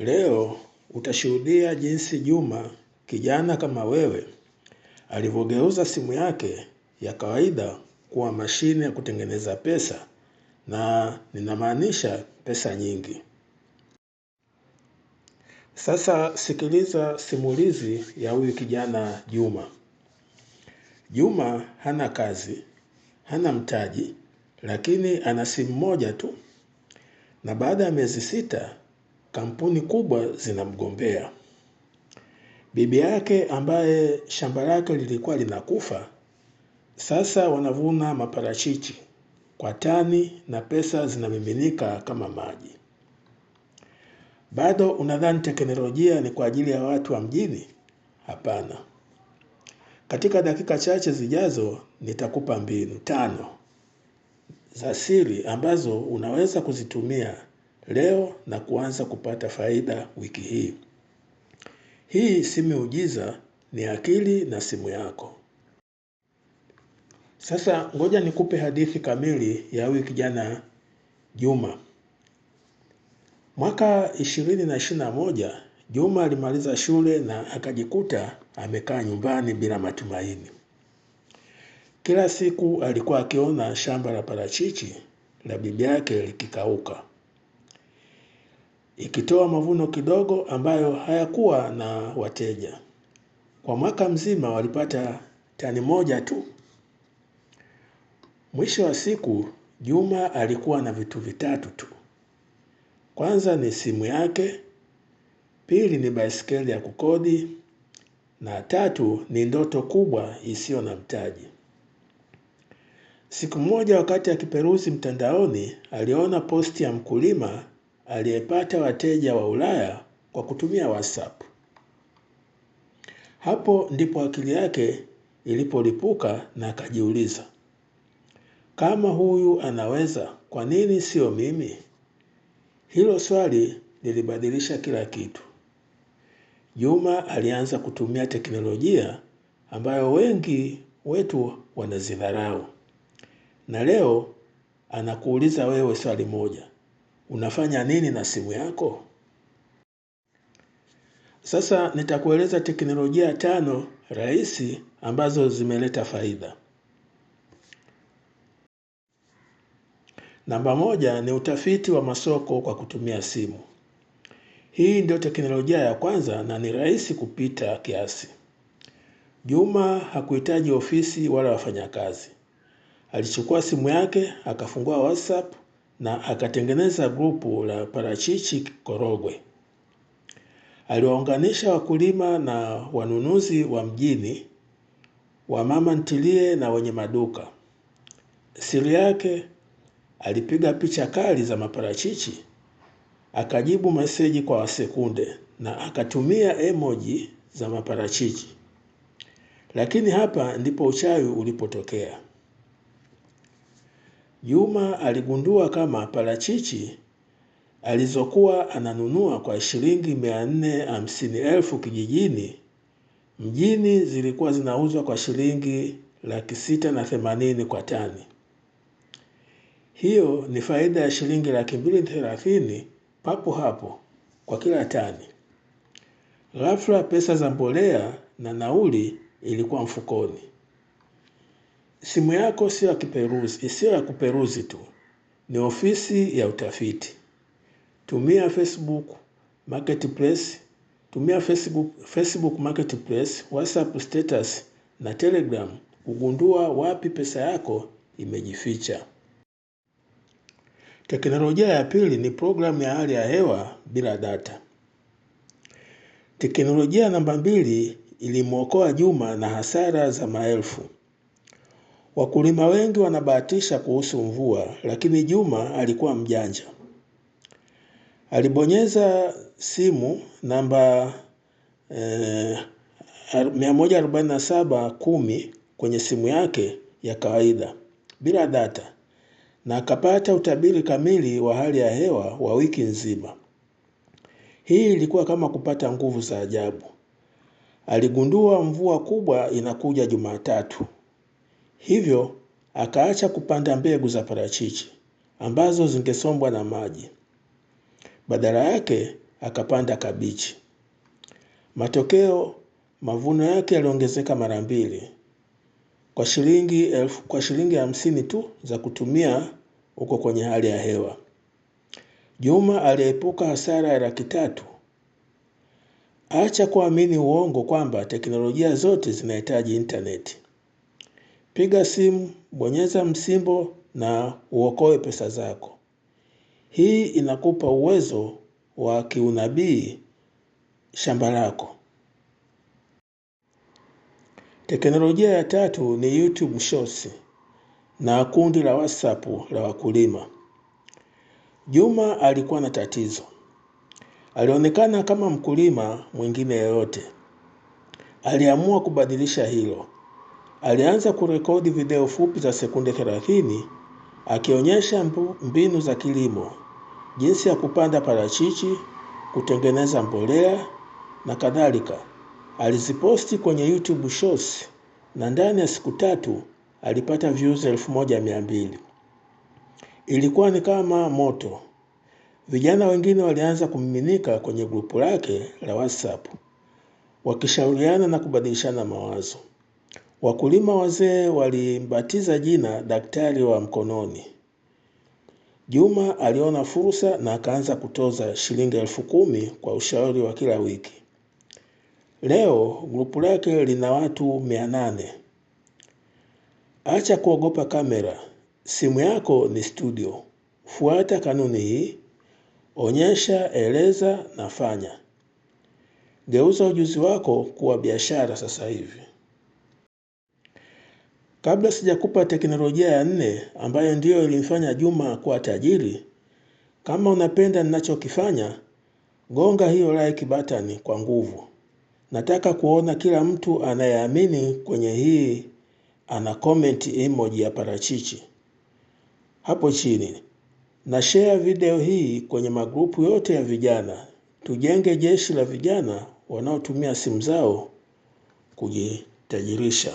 Leo utashuhudia jinsi Juma kijana kama wewe alivyogeuza simu yake ya kawaida kuwa mashine ya kutengeneza pesa, na ninamaanisha pesa nyingi. Sasa sikiliza simulizi ya huyu kijana Juma. Juma hana kazi, hana mtaji, lakini ana simu moja tu, na baada ya miezi sita Kampuni kubwa zinamgombea. Bibi yake ambaye shamba lake lilikuwa linakufa, sasa wanavuna maparachichi kwa tani na pesa zinamiminika kama maji. Bado unadhani teknolojia ni kwa ajili ya watu wa mjini? Hapana. Katika dakika chache zijazo nitakupa mbinu tano za siri ambazo unaweza kuzitumia leo na kuanza kupata faida wiki hii. Hii si miujiza, ni akili na simu yako. Sasa ngoja nikupe hadithi kamili ya huyu kijana Juma. Mwaka ishirini na moja Juma alimaliza shule na akajikuta amekaa nyumbani bila matumaini. Kila siku alikuwa akiona shamba la parachichi la bibi yake likikauka, ikitoa mavuno kidogo ambayo hayakuwa na wateja. Kwa mwaka mzima walipata tani moja tu. Mwisho wa siku Juma alikuwa na vitu vitatu tu. Kwanza ni simu yake, pili ni baisikeli ya kukodi na tatu ni ndoto kubwa isiyo na mtaji. Siku moja wakati akiperuzi mtandaoni, aliona posti ya mkulima aliyepata wateja wa Ulaya kwa kutumia WhatsApp. Hapo ndipo akili yake ilipolipuka na akajiuliza, kama huyu anaweza, kwa nini sio mimi? Hilo swali lilibadilisha kila kitu. Juma alianza kutumia teknolojia ambayo wengi wetu wanazidharau, na leo anakuuliza wewe swali moja: Unafanya nini na simu yako? Sasa nitakueleza teknolojia tano rahisi ambazo zimeleta faida. Namba moja ni utafiti wa masoko kwa kutumia simu. Hii ndio teknolojia ya kwanza na ni rahisi kupita kiasi. Juma hakuhitaji ofisi wala wafanyakazi. Alichukua simu yake, akafungua WhatsApp, na akatengeneza grupu la parachichi Korogwe. Aliwaunganisha wakulima na wanunuzi wa mjini, wa mama ntilie na wenye maduka. Siri yake, alipiga picha kali za maparachichi, akajibu meseji kwa sekunde na akatumia emoji za maparachichi. Lakini hapa ndipo uchawi ulipotokea. Juma aligundua kama parachichi alizokuwa ananunua kwa shilingi mia nne hamsini elfu kijijini, mjini zilikuwa zinauzwa kwa shilingi laki sita na themanini kwa tani. Hiyo ni faida ya shilingi laki mbili thelathini papo hapo kwa kila tani. Ghafla pesa za mbolea na nauli ilikuwa mfukoni. Simu yako sio ya kiperuzi, sio ya kuperuzi tu, ni ofisi ya utafiti. Tumia Facebook Marketplace, tumia Facebook, Facebook Marketplace, WhatsApp status na Telegram kugundua wapi pesa yako imejificha. Teknolojia ya pili ni programu ya hali ya hewa bila data. Teknolojia namba mbili ilimwokoa Juma na hasara za maelfu. Wakulima wengi wanabahatisha kuhusu mvua, lakini Juma alikuwa mjanja. Alibonyeza simu namba eh, 14710 kwenye simu yake ya kawaida bila data na akapata utabiri kamili wa hali ya hewa wa wiki nzima. Hii ilikuwa kama kupata nguvu za ajabu. Aligundua mvua kubwa inakuja Jumatatu. Hivyo akaacha kupanda mbegu za parachichi ambazo zingesombwa na maji. Badala yake akapanda kabichi. Matokeo, mavuno yake yaliongezeka mara mbili kwa shilingi elfu, kwa shilingi hamsini tu za kutumia huko kwenye hali ya hewa. Juma aliepuka hasara ya laki tatu. Acha kuamini uongo kwamba teknolojia zote zinahitaji intaneti piga simu, bonyeza msimbo na uokoe pesa zako. Hii inakupa uwezo wa kiunabii shamba lako. Teknolojia ya tatu ni YouTube Shorts na kundi la WhatsApp la wakulima. Juma alikuwa na tatizo. Alionekana kama mkulima mwingine yeyote. Aliamua kubadilisha hilo. Alianza kurekodi video fupi za sekunde 30 akionyesha mbinu za kilimo, jinsi ya kupanda parachichi, kutengeneza mbolea na kadhalika. Aliziposti kwenye YouTube Shorts na ndani ya siku tatu alipata views elfu moja mia mbili. Ilikuwa ni kama moto. Vijana wengine walianza kumiminika kwenye grupu lake la WhatsApp wakishauriana na kubadilishana mawazo. Wakulima wazee walimbatiza jina daktari wa mkononi. Juma aliona fursa na akaanza kutoza shilingi elfu kumi kwa ushauri wa kila wiki. Leo grupu lake lina watu mia nane. Acha kuogopa kamera, simu yako ni studio. Fuata kanuni hii: onyesha, eleza na fanya. Geuza ujuzi wako kuwa biashara sasa hivi. Kabla sijakupa teknolojia ya nne ambayo ndiyo ilimfanya Juma kuwa tajiri, kama unapenda ninachokifanya, gonga hiyo like button kwa nguvu. Nataka kuona kila mtu anayeamini kwenye hii ana comment emoji ya parachichi hapo chini, na share video hii kwenye magrupu yote ya vijana. Tujenge jeshi la vijana wanaotumia simu zao kujitajirisha.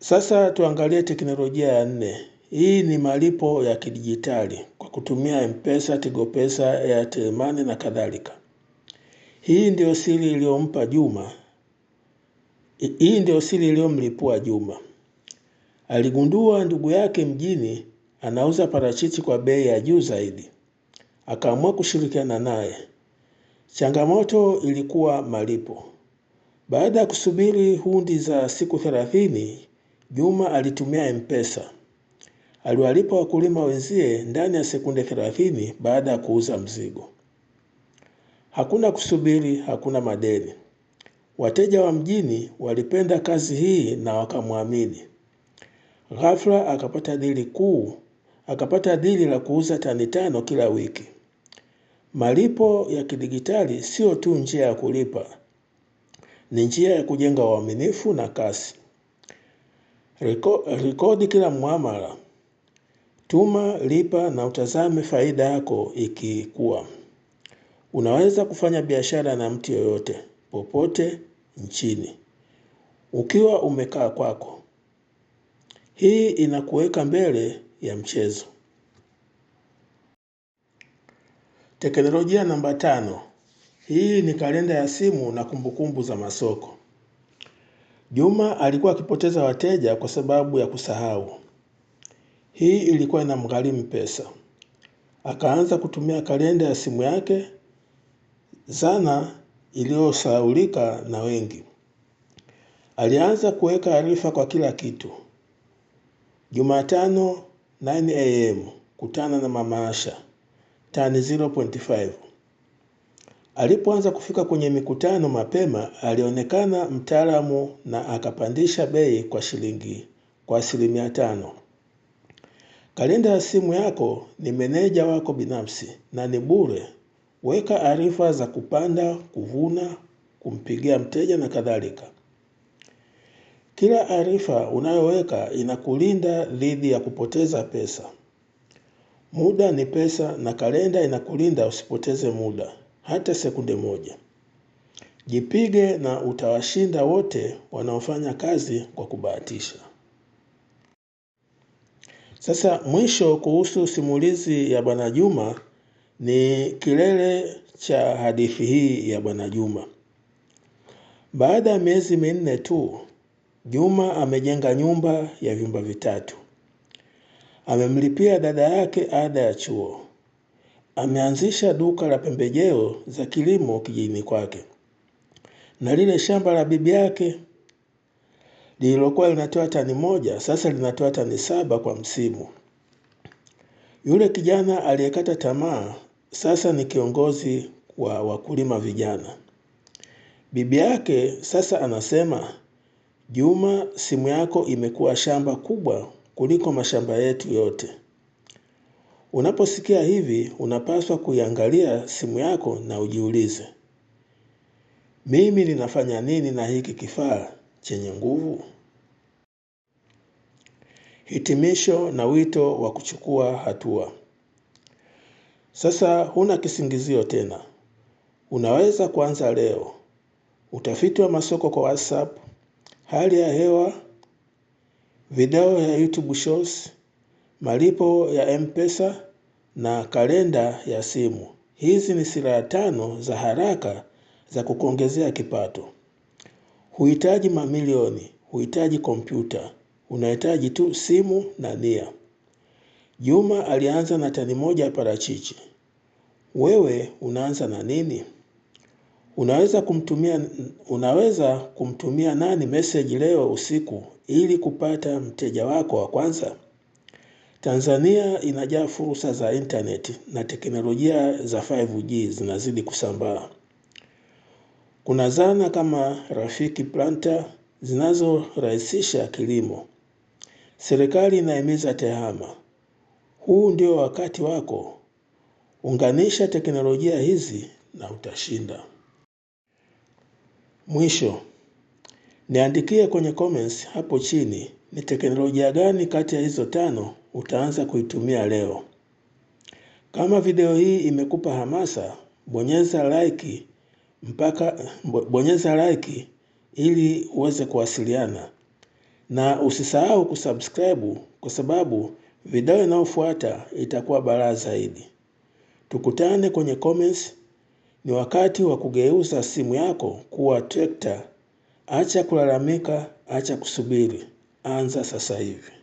Sasa tuangalie teknolojia ya nne. Hii ni malipo ya kidijitali kwa kutumia Mpesa, Tigo Pesa, Airtel Money na kadhalika. Hii ndio siri iliyompa Juma, hii ndio siri iliyomlipua Juma. Aligundua ndugu yake mjini anauza parachichi kwa bei ya juu zaidi, akaamua kushirikiana naye. Changamoto ilikuwa malipo. Baada ya kusubiri hundi za siku thelathini, Juma alitumia M-Pesa. Aliwalipa wakulima wenzie ndani ya sekunde 30 baada ya kuuza mzigo. Hakuna kusubiri, hakuna madeni. Wateja wa mjini walipenda kazi hii na wakamwamini. Ghafla akapata dili kuu, akapata dili la kuuza tani tano kila wiki. Malipo ya kidigitali sio tu njia ya kulipa, ni njia ya kujenga uaminifu na kasi. Reko, rekodi kila muamala, tuma, lipa na utazame faida yako ikikua. Unaweza kufanya biashara na mtu yoyote popote nchini ukiwa umekaa kwako. Hii inakuweka mbele ya mchezo. Teknolojia namba tano. Hii ni kalenda ya simu na kumbukumbu za masoko. Juma alikuwa akipoteza wateja kwa sababu ya kusahau. Hii ilikuwa inamgharimu pesa. Akaanza kutumia kalenda ya simu yake, zana iliyosahaulika na wengi. Alianza kuweka arifa kwa kila kitu. Jumatano 9am kutana na mama Asha tani 0.5 Alipoanza kufika kwenye mikutano mapema, alionekana mtaalamu na akapandisha bei kwa shilingi kwa asilimia tano. Kalenda ya simu yako ni meneja wako binafsi na ni bure. Weka arifa za kupanda, kuvuna, kumpigia mteja na kadhalika. Kila arifa unayoweka inakulinda dhidi ya kupoteza pesa. Muda ni pesa na kalenda inakulinda usipoteze muda hata sekunde moja. Jipige na utawashinda wote wanaofanya kazi kwa kubahatisha. Sasa mwisho kuhusu simulizi ya Bwana Juma ni kilele cha hadithi hii ya Bwana Juma. Baada ya miezi minne tu, Juma amejenga nyumba ya vyumba vitatu. Amemlipia dada yake ada ya chuo ameanzisha duka la pembejeo za kilimo kijijini kwake, na lile shamba la bibi yake lililokuwa linatoa tani moja sasa linatoa tani saba kwa msimu. Yule kijana aliyekata tamaa sasa ni kiongozi wa wakulima vijana. Bibi yake sasa anasema, Juma, simu yako imekuwa shamba kubwa kuliko mashamba yetu yote. Unaposikia hivi, unapaswa kuiangalia simu yako na ujiulize, mimi ninafanya nini na hiki kifaa chenye nguvu? Hitimisho na wito wa kuchukua hatua. Sasa huna kisingizio tena. Unaweza kuanza leo. Utafiti wa masoko kwa WhatsApp, hali ya hewa, video ya YouTube shows, malipo ya Mpesa na kalenda ya simu. Hizi ni silaha tano za haraka za kukuongezea kipato. Huhitaji mamilioni, huhitaji kompyuta, unahitaji tu simu na nia. Juma alianza na tani moja ya parachichi. Wewe unaanza na nini? Unaweza kumtumia, unaweza kumtumia nani meseji leo usiku ili kupata mteja wako wa kwanza? Tanzania inajaa fursa za internet na teknolojia za 5G zinazidi kusambaa. Kuna zana kama Rafiki Planta zinazorahisisha kilimo. Serikali inahimiza tehama. Huu ndio wakati wako. Unganisha teknolojia hizi na utashinda. Mwisho, niandikie kwenye comments hapo chini ni teknolojia gani kati ya hizo tano utaanza kuitumia leo. Kama video hii imekupa hamasa, bonyeza like mpaka bonyeza like ili uweze kuwasiliana na usisahau kusubscribe kwa sababu video inayofuata itakuwa balaa zaidi. Tukutane kwenye comments. Ni wakati wa kugeuza simu yako kuwa trekta. Acha kulalamika, acha kusubiri, anza sasa hivi.